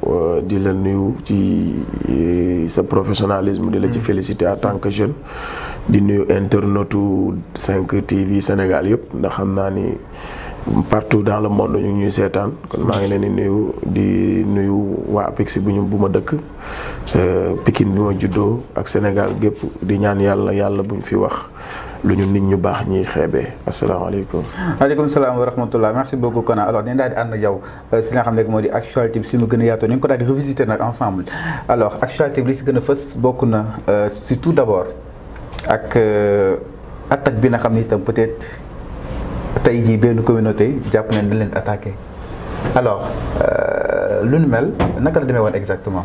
Euh, di la nuyu ci euh, sa professionnalisme di la ci mm. féliciter à tant que jeune di nuyu internautu 5 TV Sénégal yëpp ndax xam naa ni partout dans le monde ñu ñuy seetaan kon maa ngi leen di nuyu di nuyu waa APEX bu ñu bu ma dëkk euh, pikin bi ma juddoo ak Sénégal gépp di ñaan yàlla yàlla buñ fi wax lu ñu nit ñu baax ñiy xeebee asalaamaaleykum waaleykum salaam wa rahmatullah merci beaucoup Kona alors dañ daal di ànd yow euh, si nga xam ne moo di actualité bi si mu gën a yaatoo ñu ngi ko daal di revisiter nag ensemble alors actualité bi li si gën a fës bokk na euh, si d'abord ak euh, attaque bi nga xam ne itam peut-être tey jii benn communauté jàpp ne na leen attaqué alors lu nu mel naka la demee woon exactement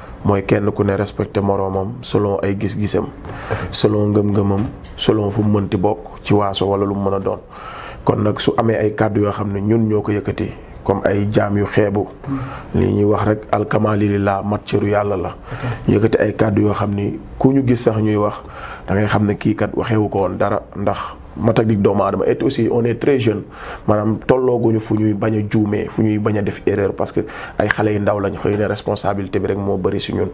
mooy kenn ku ne respecté moroomam solon ay gis-gisam selon ngëm-ngëmam solon fu mu mënti bokk ci waaso wala lu mu mën a doon kon nag su amee ay kàddu yoo xam ne ñun ñoo ko yëkkati comme ay jaam yu xeebu li ñuy wax rek alkamali li laa mat cëru yàlla la yëkkati ay kàddu yoo xam ni ku ñu gis sax ñuy wax dangay xam ne kii kat waxewu ko woon dara ndax matagdik doomu aadama et aussi on est très jeune maanaam tollooguñu fu ñuy bañ jumee fu ñuy bañ a def erreur parce que ay xale yu ndaw lañ xëy na responsabilité bi rek moo bari su ñun.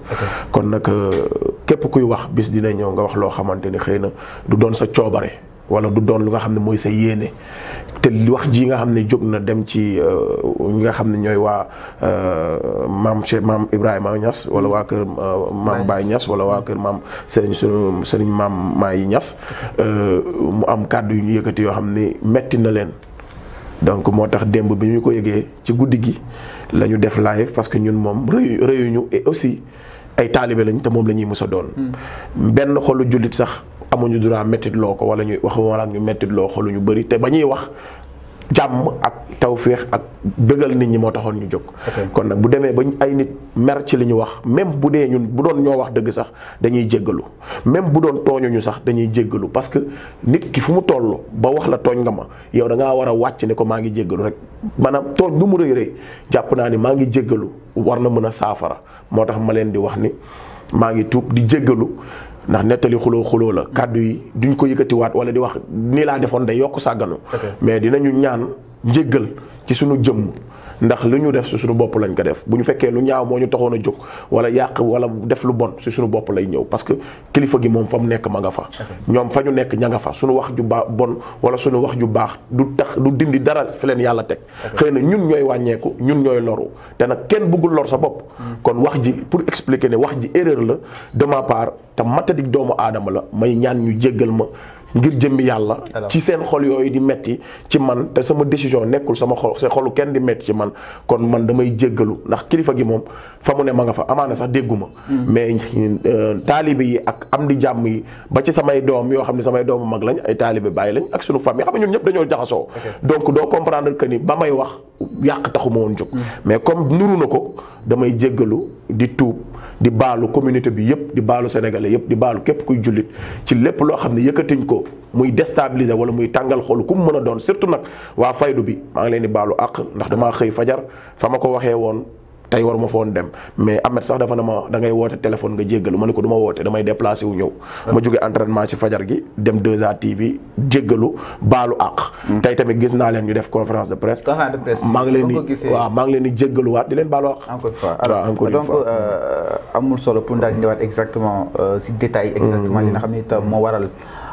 kon nag euh, képp kuy wax bis dina ñëw nga wax loo xamante ni xëy na du doon sa coobare. wala du doon lu nga xam ne mooy sa yéene te wax ji nga xam ne jóg na dem ci euh, ñi nga xam ne ñooy waa euh, maam Cheikh maam Ibrahima ñas wala waa kër euh, maam Baye Niass wala waa kër maam Serigne Serigne maam Maay Niass mu am kàddu yu ñu yëkkati yoo xam ne metti na leen donc moo tax démb bi ñu ko yëgee ci guddi gi la ñu def live parce que ñun moom rëyu ñu et aussi ay taalibe lañ te moom la ñuy mës a doon hmm. benn xolu jullit sax amuñu droit méttit ko wala ñuy wax wala ñu méttit loo ñu bëri te ba ñuy wax jàmm ak tawféex ak bëggal nit ñi moo taxoon ñu jóg. kon nag bu demee ba ay nit mer ci li ñu wax même bu dee ñun bu doon ñoo wax dëgg sax dañuy jéggalu même bu doon tooñuñu sax dañuy jéggalu parce que nit ki fu mu toll ba wax la tooñ nga ma yow da ngaa war a wàcc ne ko maa ngi jéggalu rek maanaam tooñ lu mu rëy rëy jàpp naa ni maa ngi jéggalu war na mën a saafara moo tax ma leen di wax ni maa ngi tuub di jéggalu. ndax nettali xuloo xuloo la kàddu yi duñ ko yëkkatiwaat wala di wax nii laa defoon day yokk sàgganu mais dinañu ñaan njéggal ci suñu jëmm ndax li ñu def si suñu bopp lañ ko def bu ñu fekkee lu ñaaw moo ñu taxoon a jóg wala yàq wala def lu bon si suñu bopp lay ñëw parce que kilifa gi moom fa mu nekk ma nga fa. ñoom fa ñu nekk ña nga fa suñu wax ju baax bon wala suñu wax ju baax du tax du dindi dara fi yàlla teg. xëy na ñun ñooy wàññeeku ñun ñooy loru te nag kenn bëggul lor sa bopp. kon wax ji pour expliquer ne wax ji erreur la dema ma part te matadik doomu aadama la may ñaan ñu jéggal ma. ngir jëmmi yàlla ci seen xol yooyu di metti ci man te sama décision nekkul sama xol sa xolu kenn di metti ci man kon man damay jéggalu ndax kilifa gi moom fa mu ne ma nga fa amaana sax dégguma hmm. mais euh, taalibe yi ak am di jàmm yi ba ci samay doom yoo xam ne samay doomu mag lañ ay taalibe bàyyi lañ ak sunu famille xam nga ñëpp dañoo jaxasoo donc doo comprendre que ni ba may wax yàq taxuma woon jóg hmm. mais comme nuru na ko damay jéggalu di tuub di baalu communité bi yëpp di baalu sénégalais yëpp di baalu képp kuy jullit ci lépp loo xam ne yëkkatiñ ko muy déstabiliser wala muy tàngal xoolu ku mu mën a doon surtout nag waa faydu bi maa ngi leen di baalu àq ndax damaa xëy fajar fa ma ko waxee woon tay war ma fon dem mais ahmed sax dafa na ma da ngay wote telephone nga djegal mané ko duma wote damay déplacer wu ñew ah. ma joggé entraînement ci fajar gi dem 2h tv djegalu balu ak hmm. tay tamit gis na len ñu def conférence de presse conférence de presse ma ngi len wa ma ngi len ni djegalu wat di len balu ak encore donc euh amul solo pour ndal ñewat exactement ci euh, détail exactement hmm. li nga xamni mo waral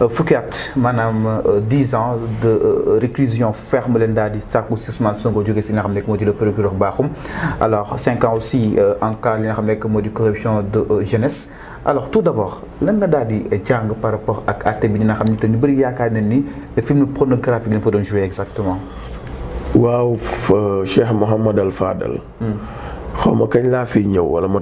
Euh, Fouquet, Madame, euh, 10 dix ans de euh, réclusion ferme leen daal Sakou sàkku si Ousmane Sonko jógee si li nga le procureur Bakhoum alors cinq ans aussi en cas li nga de ne de corruption de jeunesse alors tout d'abord lan nga daal di par rapport ak àtte bi nga xam ne te ñu ni film pornographique il fa doon jouer exactement. Waouh, Cheikh Mohammed Al Fadal. Hmm. xaw ma kañ laa fi ñëw wala